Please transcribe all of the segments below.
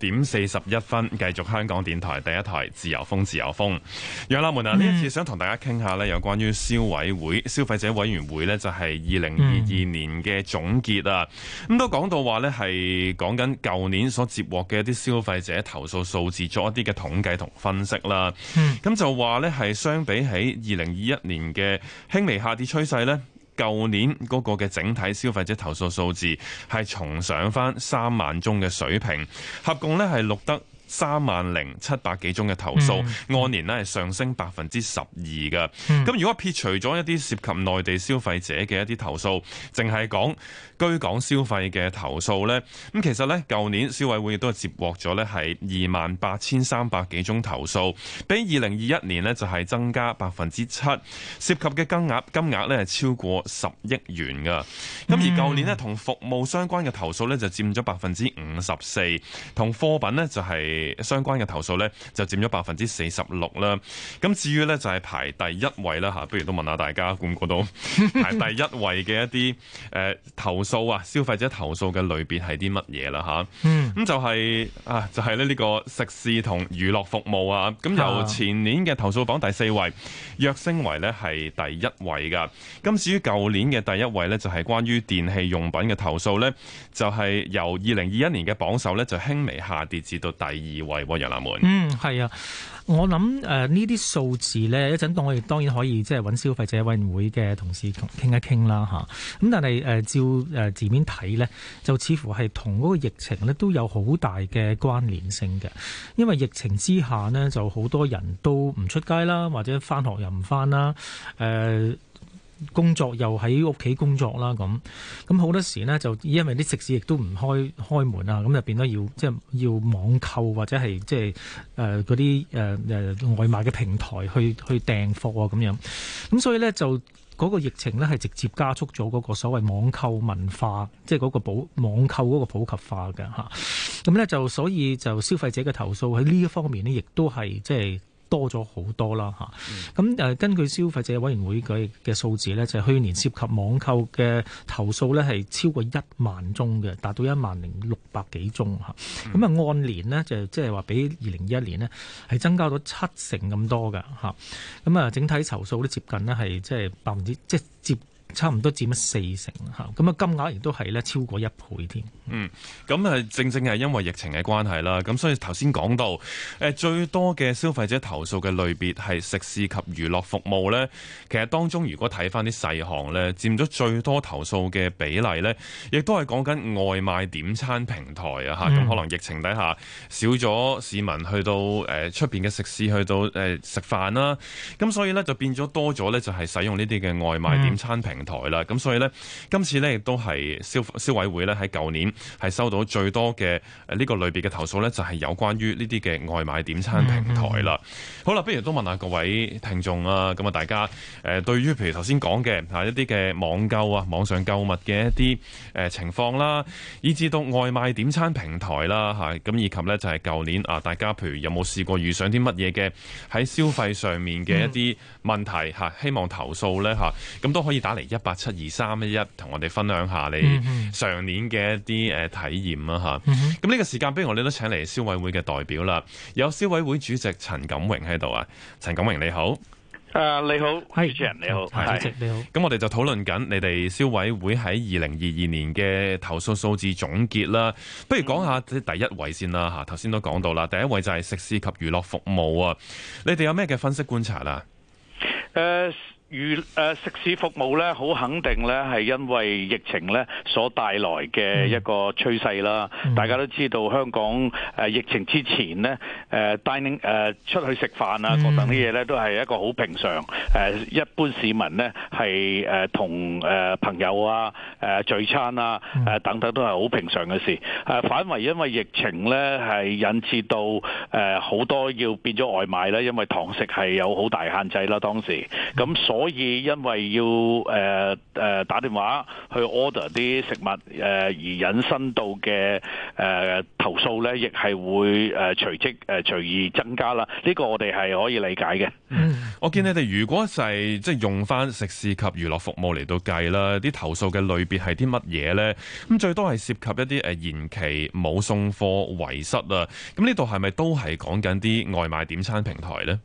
點四十一分，繼續香港電台第一台自由風，自由風，楊立門啊，呢、嗯、一次想同大家傾下呢，有關於消委會、消費者委員會呢，就係二零二二年嘅總結啊，咁都講到話呢，係講緊舊年所接獲嘅一啲消費者投訴數字，作一啲嘅統計同分析啦，咁、嗯、就話呢，係相比起二零二一年嘅輕微下跌趨勢呢。舊年嗰個嘅整體消費者投訴數字係重上返三萬宗嘅水平，合共咧係錄得，三萬零七百幾宗嘅投訴，嗯，按年係上升百分之十二㗎。咁、嗯、如果撇除咗一啲涉及內地消費者嘅一啲投訴，淨係講居港消費嘅投訴呢，咁其實呢，舊年消委會亦都係接獲咗呢係二萬八千三百幾宗投訴，比二零二一年呢就係增加百分之七，涉及嘅金額金額呢係超過十億元噶。咁、嗯、而舊年呢，同服務相關嘅投訴呢就佔咗百分之五十四，同貨品呢就係、是。相關嘅投訴呢，就佔咗百分之四十六啦。咁至於呢，就係排第一位啦吓，不如都問下大家，估唔估到？排第一位嘅一啲誒投訴啊， 消費者投訴嘅類別係啲乜嘢啦吓？咁 就係啊，就係呢個食肆同娛樂服務啊。咁由前年嘅投訴榜第四位，躍升為呢係第一位噶。咁至於舊年嘅第一位呢，就係關於電器用品嘅投訴呢，就係由二零二一年嘅榜首呢，就輕微下跌至到第二。二為灣揚南，嗯，係啊，我諗誒呢啲數字呢，一陣當我哋當然可以即係揾消費者委員會嘅同事傾一傾啦，吓，咁，但係誒、呃、照誒字面睇呢，就似乎係同嗰個疫情呢都有好大嘅關聯性嘅，因為疫情之下呢，就好多人都唔出街啦，或者返學又唔返啦，誒、呃。工作又喺屋企工作啦，咁咁好多時呢，就因為啲食肆亦都唔開開門啊，咁就變咗要即係要網購或者係即係誒嗰啲誒誒外賣嘅平台去去訂貨啊咁樣，咁所以呢，就嗰個疫情呢，係直接加速咗嗰個所謂網購文化，即係嗰個普網購嗰個普及化嘅，吓，咁呢就所以就消費者嘅投訴喺呢一方面呢，亦都係即係。多咗好多啦，咁根據消費者委員會佢嘅數字呢就係，去年涉及網購嘅投訴呢係超過一萬宗嘅，達到一萬零六百幾宗，咁啊按年呢，就即係話比二零一一年呢係增加咗七成咁多噶，咁啊，整體投訴呢接近呢係即係百分之即係接。差唔多佔咗四成吓，嚇！咁啊，金額亦都係咧超過一倍添。嗯，咁啊，正正係因為疫情嘅關係啦，咁所以頭先講到，誒最多嘅消費者投訴嘅類別係食肆及娛樂服務咧。其實當中如果睇翻啲細項咧，佔咗最多投訴嘅比例咧，亦都係講緊外賣點餐平台啊，吓、嗯，咁可能疫情底下少咗市民去到誒出邊嘅食肆去到誒食飯啦，咁所以咧就變咗多咗咧，就係使用呢啲嘅外賣點餐平台。嗯平台啦，咁所以咧，今次咧亦都係消消委會咧喺舊年係收到最多嘅誒呢個類別嘅投訴咧，就係有關於呢啲嘅外賣點餐平台啦。Mm-hmm. 好啦，不如都問下各位聽眾啊，咁啊大家誒對於譬如頭先講嘅吓一啲嘅網購啊，網上購物嘅一啲誒情況啦，以至到外賣點餐平台啦吓，咁以及咧就係舊年啊，大家譬如有冇試過遇上啲乜嘢嘅喺消費上面嘅一啲問題吓，mm-hmm. 希望投訴咧吓，咁都可以打嚟。一八七二三一一，同我哋分享下你上年嘅一啲誒體驗啦吓，咁、嗯、呢個時間，不如我哋都請嚟消委會嘅代表啦，有消委會主席陳錦榮喺度啊，陳錦榮你好，誒、啊、你好，係主持人你好，係主席你好，咁我哋就討論緊你哋消委會喺二零二二年嘅投訴數字總結啦，不如講下第一位先啦吓，頭先都講到啦，第一位就係食肆及娛樂服務啊，你哋有咩嘅分析觀察啦？誒、呃。如誒食肆服務咧，好肯定咧，係因為疫情咧所帶來嘅一個趨勢啦。大家都知道香港誒疫情之前咧，誒 dining 誒出去食飯啊，等等啲嘢咧，都係一個好平常誒、嗯、一般市民咧係誒同誒朋友啊誒聚餐啊誒等等都係好平常嘅事。誒反為因為疫情咧係引致到誒好多要變咗外賣啦，因為堂食係有好大限制啦。當時咁所可以因為要誒誒、呃呃、打電話去 order 啲食物誒、呃、而引申到嘅誒、呃、投訴咧，亦係會誒隨、呃、即誒隨、呃、意增加啦。呢、這個我哋係可以理解嘅、嗯。我見你哋如果就係即係用翻食肆及娛樂服務嚟到計啦，啲投訴嘅類別係啲乜嘢咧？咁最多係涉及一啲誒延期冇送貨遺失啊。咁呢度係咪都係講緊啲外賣點餐平台咧？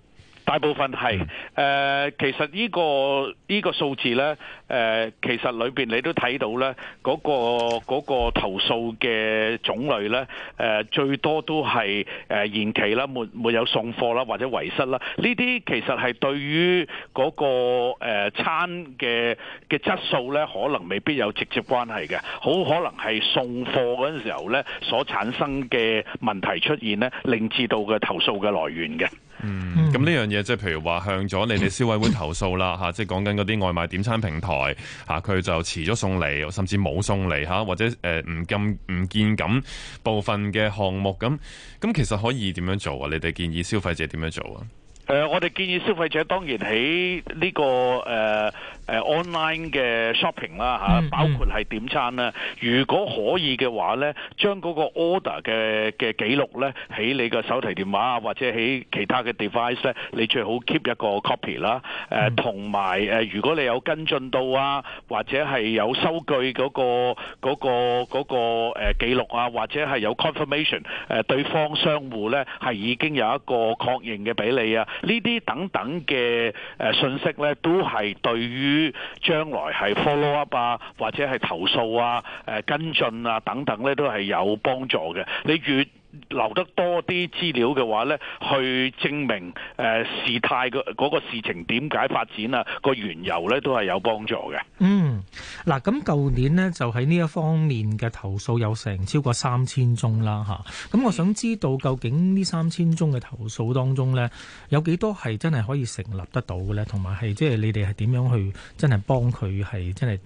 大部分係，誒、呃，其實呢、呢個呢、呢個數字呢，誒、呃，其實裏邊你都睇到呢嗰、嗰個嗰、嗰個投訴嘅種類呢，誒、呃，最多都係誒延期啦，沒沒有送貨啦，或者遺失啦，呢啲其實係對於嗰、嗰個誒、呃、餐嘅嘅質素呢，可能未必有直接關係嘅，好可能係送貨嗰陣時候呢，所產生嘅問題出現呢，令至到嘅投訴嘅來源嘅。嗯，咁呢樣嘢即係譬如話向咗你哋消委會投訴啦，吓即係講緊嗰啲外賣點餐平台，吓佢就遲咗送嚟，甚至冇送嚟吓，或者誒唔咁唔見咁部分嘅項目咁，咁其實可以點樣做啊？你哋建議消費者點樣做啊？誒、uh,，我哋建議消費者當然喺呢、這個誒誒、uh, uh, online 嘅 shopping 啦、uh, mm-hmm. 包括係點餐啦。如果可以嘅話咧，將嗰個 order 嘅嘅記錄咧，喺你嘅手提電話啊，或者喺其他嘅 device 咧，你最好 keep 一個 copy 啦、uh, mm-hmm.。同埋如果你有跟進到啊，或者係有收據嗰、那個嗰、那個嗰、那個、那個呃、記錄啊，或者係有 confirmation 誒、呃、對方商戶咧係已經有一個確認嘅俾你啊。呢啲等等嘅誒、呃、信息咧，都係對於將來係 follow up 啊，或者係投訴啊、誒、呃、跟進啊等等咧，都係有幫助嘅。你越留得多啲資料嘅話呢去證明誒、呃、事態嘅嗰、嗰個事情點解發展啊、嗰個緣由呢都係有幫助嘅。嗯，嗱，咁舊年呢就喺呢一方面嘅投訴有成超過三千宗啦，吓、啊，咁我想知道究竟呢三千宗嘅投訴當中呢，有幾多係真係可以成立得到嘅呢？同埋係即係你哋係點樣去真係幫佢係真係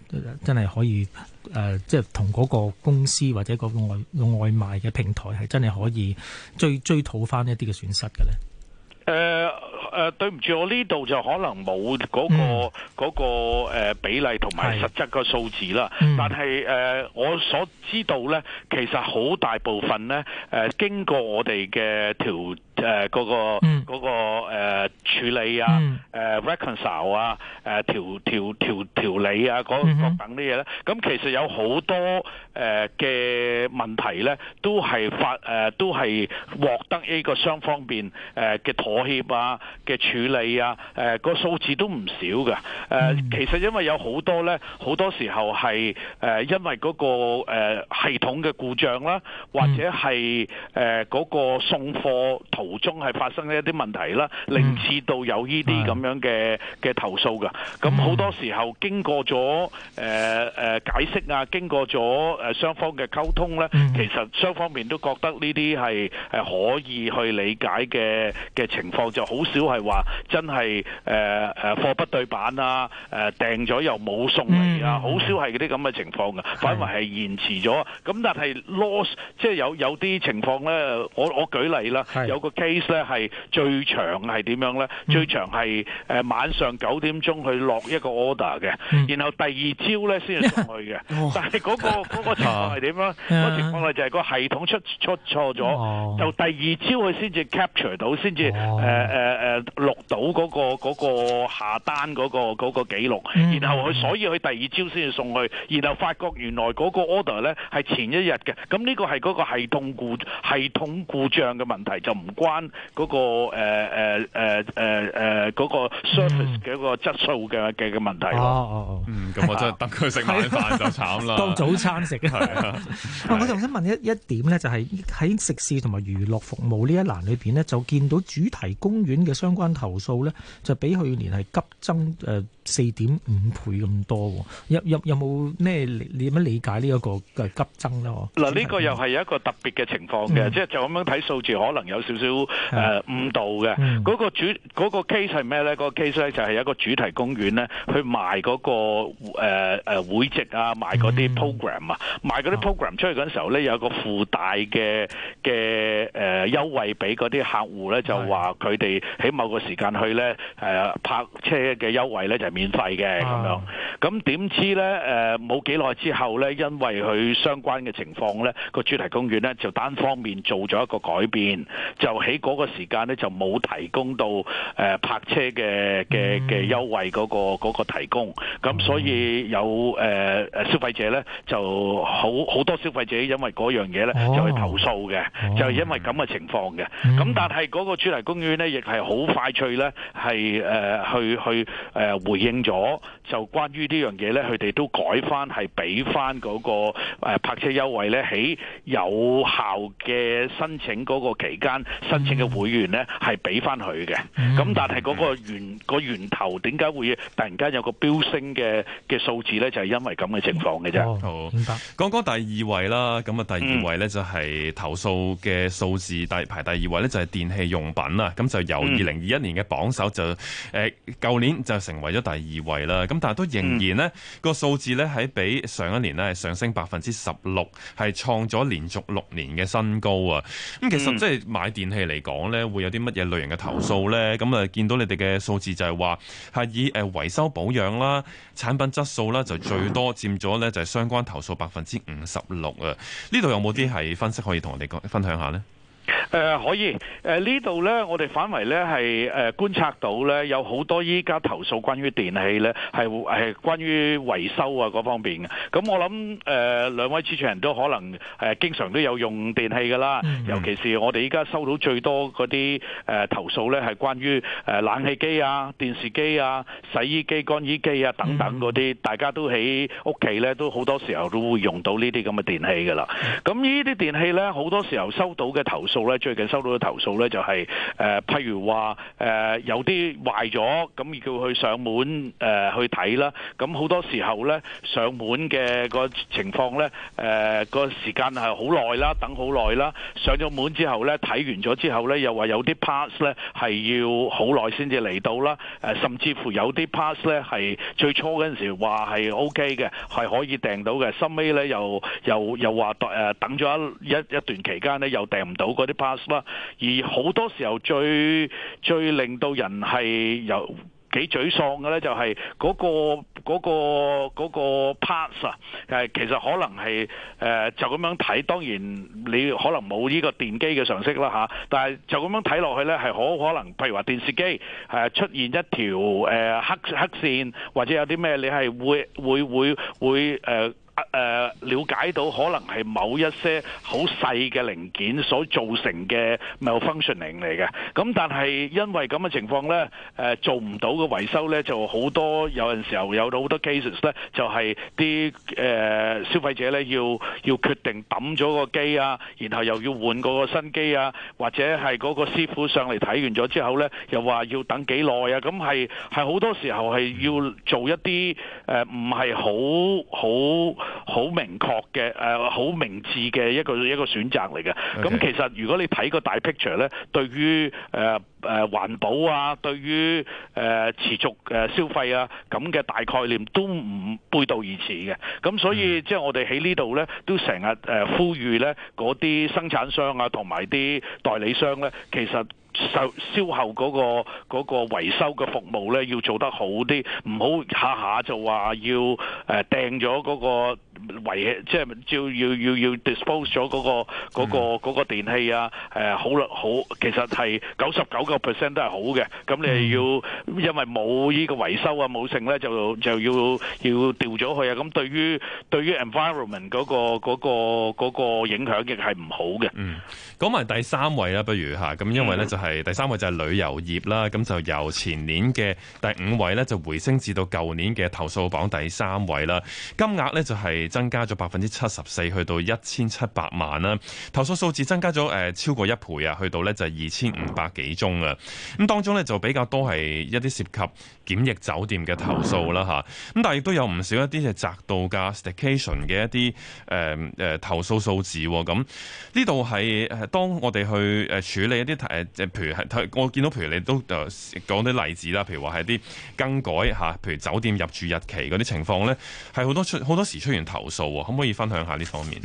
真係可以？誒、呃，即係同嗰個公司或者個外外賣嘅平台，係真係可以追追討翻一啲嘅損失嘅咧。誒、呃、誒、呃，對唔住，我呢度就可能冇嗰、嗰個、嗯嗰個誒、呃、比例同埋實質個數字啦。但係誒、呃，我所知道咧，其實好大部分咧，誒、呃，經過我哋嘅調。誒、呃、嗰、那個嗰、那個誒處理啊，誒 reconcile 啊，誒調調調調理啊，嗰嗰等啲嘢咧，咁其實有好多誒嘅問題咧，都係發誒都係獲得呢個雙方面誒嘅妥協啊嘅處理啊，誒、mm. 呃啊呃啊呃呃、個數、啊啊呃那個、字都唔少嘅誒、呃、其實因為有好多咧，好多時候係誒、呃、因為、那個誒、呃、系統嘅故障啦，或者係誒、mm. 呃那個送貨途。途中係發生一啲問題啦，令至到有呢啲咁樣嘅嘅投訴噶。咁好多時候經過咗誒誒解釋啊，經過咗誒雙方嘅溝通咧，其實雙方面都覺得呢啲係係可以去理解嘅嘅情況，就好少係話真係誒誒貨不對板啊，誒訂咗又冇送嚟啊，好少係嗰啲咁嘅情況嘅，反為係延遲咗。咁但係 loss 即係有有啲情況咧，我我舉例啦，有個。case 咧，係最長係點樣咧？最長係誒晚上九點鐘去落一個 order 嘅，然後第二朝咧先至送去嘅。但係嗰個嗰個情況係點樣？嗰情況咧就係個系統出出錯咗，就第二朝佢先至 capture 到，先至誒誒誒錄到嗰個嗰個下單嗰個嗰個記錄。然後佢所以佢第二朝先至送去，然後發覺原來嗰個 order 咧係前一日嘅。咁呢個係嗰個系統故系統故障嘅問題就唔關關嗰個誒誒誒誒誒嗰個 service 嘅一個質素嘅嘅嘅問題咯。嗯，咁我真係等佢食晚飯就慘啦，當早餐食啊！我仲想問一一點咧，就係喺食肆同埋娛樂服務呢一欄裏邊咧，就見到主題公園嘅相關投訴咧，就比去年係急增誒，四點五倍咁多，有有有冇咩，你點樣理解呢一個嘅急增咯？嗱，呢個又係有一個特別嘅情況嘅，即、嗯、係就咁、是、樣睇數字，可能有少少誒誤導嘅。嗰、嗯那個主嗰個主嗰、嗰個 case 係咩咧？嗰個 case 咧就係有一個主題公園咧，去賣嗰、嗰個誒誒、呃、會籍啊，賣嗰啲 program 啊、嗯，賣嗰啲 program 出去嗰陣時候咧、啊，有個附帶嘅嘅誒優惠俾嗰啲客戶咧，就話佢哋喺某個時間去咧誒、呃、泊車嘅優惠咧就係、是。免費嘅咁樣，咁點知咧？誒冇幾耐之後咧，因為佢相關嘅情況咧，個主題公園咧就單方面做咗一個改變，就喺嗰個時間咧就冇提供到誒泊車嘅嘅嘅優惠嗰個嗰個提供，咁所以有誒誒消費者咧就好好多消費者因為嗰樣嘢咧就去投訴嘅，就係因為咁嘅情況嘅。咁但係嗰個主題公園咧亦係好快脆咧，係誒去去誒回應。應咗就關於呢樣嘢咧，佢哋都改翻係俾翻嗰個誒泊車優惠咧，喺有效嘅申請嗰個期間申請嘅會員咧係俾翻佢嘅。咁但係嗰個源個源頭點解會突然間有個飆升嘅嘅數字咧，就係因為咁嘅情況嘅啫。好，唔該講講第二位啦，咁啊第二位咧就係投訴嘅數字第排第二位咧就係電器用品啦。咁就由二零二一年嘅榜首就誒舊年就成為咗第二位啦，咁但係都仍然呢個數字呢，喺比上一年呢係上升百分之十六，係創咗連續六年嘅新高啊！咁其實即係買電器嚟講呢，會有啲乜嘢類型嘅投訴呢？咁啊，見到你哋嘅數字就係話係以誒維修保養啦、產品質素啦，就最多佔咗呢，就係相關投訴百分之五十六啊！呢度有冇啲係分析可以同我哋講分享下呢？誒、呃，可以，誒、呃、呢度咧，我哋反為咧係誒觀察到咧，有好多依家投訴關於電器咧，係係關於維修啊嗰方面嘅。咁我諗誒兩位主持人都可能誒、呃、經常都有用電器噶啦，mm-hmm. 尤其是我哋依家收到最多嗰啲誒投訴咧，係關於誒、呃、冷氣機啊、電視機啊、洗衣機、乾衣機啊等等嗰啲，mm-hmm. 大家都喺屋企咧都好多時候都會用到呢啲咁嘅電器噶啦。咁呢啲電器咧，好多時候收到嘅投訴咧。最近收到嘅投訴咧、就是，就係誒譬如話誒、呃、有啲壞咗，咁叫佢上門誒、呃、去睇啦。咁好多時候咧，上門嘅個情況咧，誒、呃、個時間係好耐啦，等好耐啦。上咗門之後咧，睇完咗之後咧，又話有啲 part 咧係要好耐先至嚟到啦。誒甚至乎有啲 part 咧係最初陣時話係 OK 嘅，係可以訂到嘅，收尾咧又又又話誒等咗一一段期間咧，又訂唔到啲 part。而好多時候最最令到人係有幾沮喪嘅呢、那個，就係嗰個 parts 啊、那個，其實可能係、呃、就咁樣睇，當然你可能冇呢個電機嘅常識啦、啊、但係就咁樣睇落去呢，係好可能，譬如話電視機、呃、出現一條、呃、黑黑線，或者有啲咩你係會，會，會，會、呃誒，瞭解到可能係某一些好細嘅零件所造成嘅 malfunctioning 嚟嘅，咁但係因為咁嘅情況咧，誒做唔到嘅維修咧，就好多有陣時候有到好多 cases 咧，就係啲誒消費者咧要要決定抌咗個機啊，然後又要換嗰個新機啊，或者係嗰個師傅上嚟睇完咗之後咧，又話要等幾耐啊，咁係係好多時候係要做一啲誒唔係好好。好明確嘅，誒、呃，好明智嘅一個一個選擇嚟嘅。咁、okay. 其實如果你睇個大 picture 咧，對於誒誒環保啊，對於誒、呃、持續誒消費啊，咁嘅大概念都唔背道而馳嘅。咁所以、mm. 即係我哋喺呢度咧，都成日誒呼籲咧，嗰啲生產商啊，同埋啲代理商咧，其實。售售後嗰、那個嗰、那個維修嘅服務咧，要做得好啲，唔好下下就話要誒、呃、掟咗嗰、那個。維即係照要要要 dispose 咗嗰個嗰個嗰個電器啊，誒好啦好，其實係九十九個 percent 都係好嘅。咁你係要因為冇呢個維修啊冇剩咧，就就要要掉咗去啊。咁對於對於 environment 嗰個嗰個嗰個影響亦係唔好嘅。嗯，講埋第三位啦，不如吓咁，因為咧就係第三位就係旅遊業啦。咁就由前年嘅第五位咧，就回升至到舊年嘅投訴榜第三位啦。金額咧就係，增加咗百分之七十四，去到一千七百萬啦、啊。投訴數字增加咗誒、呃，超過一倍啊，去到咧就係二千五百幾宗啊。咁當中咧就比較多係一啲涉及檢疫酒店嘅投訴啦，吓、啊、咁但係亦都有唔少一啲嘅窄道嘅 station 嘅一啲誒誒投訴數字、啊。咁呢度係誒當我哋去誒處理一啲誒，即、呃、譬如係我見到，譬如你都誒講啲例子啦，譬如話係啲更改吓、啊，譬如酒店入住日期嗰啲情況咧，係好多出好多時出現。投訴可唔可以分享下呢方面？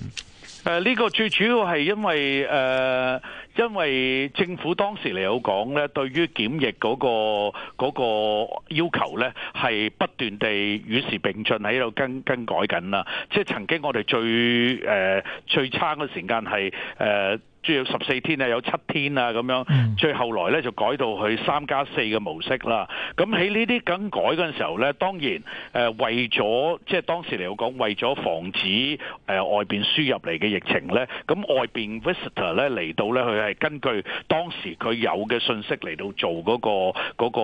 誒，呢個最主要係因為誒、呃，因為政府當時嚟，有講咧，對於檢疫嗰、嗰個、嗰個要求咧，係不斷地與時並進喺度更更改緊啦。即係曾經我哋最誒、呃、最差嘅時間係誒。呃仲要十四天啊，有七天啊咁樣。最後來咧就改到去三加四嘅模式啦。咁喺呢啲咁改嗰陣時候咧，當然誒、呃、為咗即係當時嚟講，為咗防止誒、呃、外邊輸入嚟嘅疫情咧，咁、呃、外邊 visitor 咧嚟到咧，佢係根據當時佢有嘅信息嚟到做嗰、嗰個嗰、嗰個、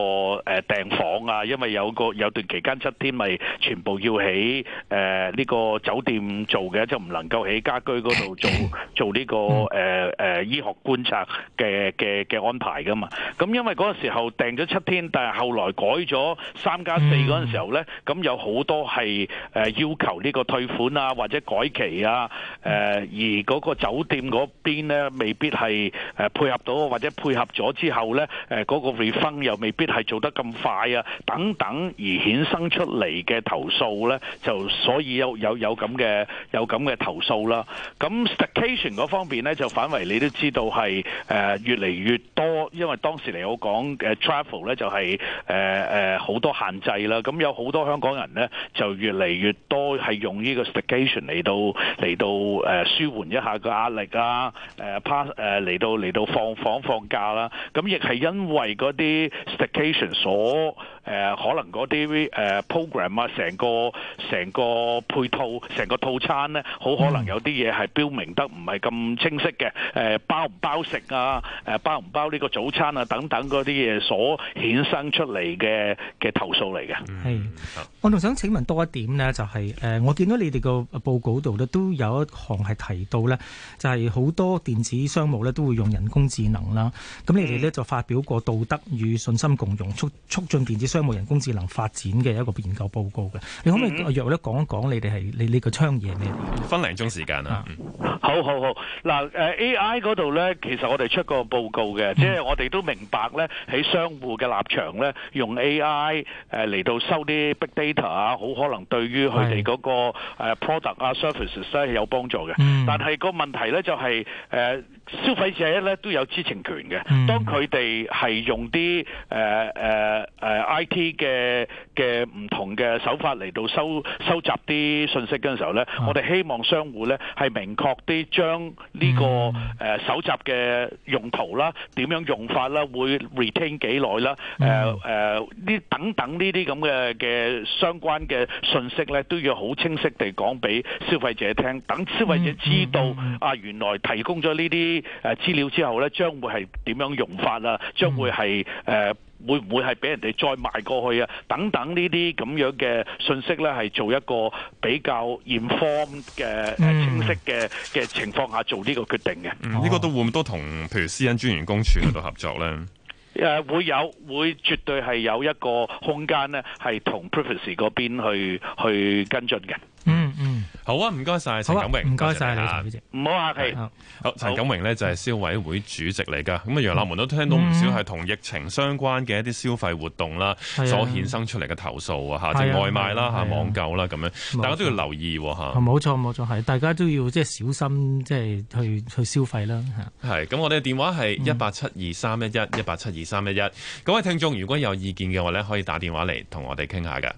呃、訂房啊，因為有個有段期間七天咪全部要喺誒呢個酒店做嘅，就唔能夠喺家居嗰度做 做呢、呢個誒。呃誒醫學觀察嘅嘅嘅安排噶嘛，咁因為嗰個時候訂咗七天，但係後來改咗三加四嗰陣時候咧，咁有好多係誒要求呢個退款啊，或者改期啊，誒而嗰個酒店嗰邊咧未必係誒配合到，或者配合咗之後咧誒嗰個 refund 又未必係做得咁快啊，等等而衍生出嚟嘅投訴咧，就所以有有有咁嘅有咁嘅投訴啦。咁 staycation 嗰方面咧就反為。你都知道係、呃、越嚟越多，因為當時嚟我講 travel 咧就係誒好多限制啦。咁有好多香港人咧就越嚟越多係用呢個 staycation 嚟到嚟到、呃、舒緩一下個壓力啊，p a 嚟到嚟到放房放，放假啦。咁亦係因為嗰啲 staycation 所、呃、可能嗰啲、呃、program 啊，成個成個配套成個套餐咧，好可能有啲嘢係標明得唔係咁清晰嘅。誒，包唔包食啊？誒，包唔包呢個早餐啊？等等嗰啲嘢所衍生出嚟嘅嘅投訴嚟嘅。嗯，我仲想請問多一點呢，就係、是、誒，我見到你哋個報告度呢，都有一項係提到呢，就係好多電子商務呢都會用人工智能啦。咁你哋呢就發表過道德與信心共融促促進電子商務人工智能發展嘅一個研究報告嘅。你可唔可以約略講一講你哋係你呢個倡議係咩？分零鐘時間啊！好好好，嗱、啊、誒 A- AI 嗰度咧，其實我哋出過個報告嘅，即、嗯、係、就是、我哋都明白咧，喺商戶嘅立場咧，用 AI 誒、呃、嚟到收啲 big data 啊，好可能對於佢哋嗰個 product 啊、services 咧、啊、係有幫助嘅、嗯。但係個問題咧就係、是、誒。呃消費者咧都有知情權嘅。當佢哋係用啲誒誒誒誒，資料之後咧，將會係點樣用法啊？將會係誒，會唔會係俾人哋再賣過去啊？等等呢啲咁樣嘅信息咧，係做一個比較 informed 嘅、清晰嘅嘅情況下做呢個決定嘅。呢個都會唔都同譬如私隱專員公署嗰度合作咧？誒，會有，會絕對係有一個空間咧，係同 Privacy 嗰邊去去跟進嘅。好啊，唔該晒陳錦榮。唔該晒，唔好客氣。好謝謝謝謝，陳錦榮呢就係消委會主席嚟噶。咁、嗯、啊，楊立門都聽到唔少係同疫情相關嘅一啲消費活動啦，所衍生出嚟嘅投訴啊，吓、啊，即係外賣啦，吓、啊啊，網購啦，咁樣，大家都要留意吓。冇錯，冇錯，係大家都要即係小心，即、就、係、是、去去消費啦。係，咁我哋嘅電話係一八七二三一一一八七二三一一。311，各位聽眾，如果有意見嘅話咧，可以打電話嚟同我哋傾下㗎。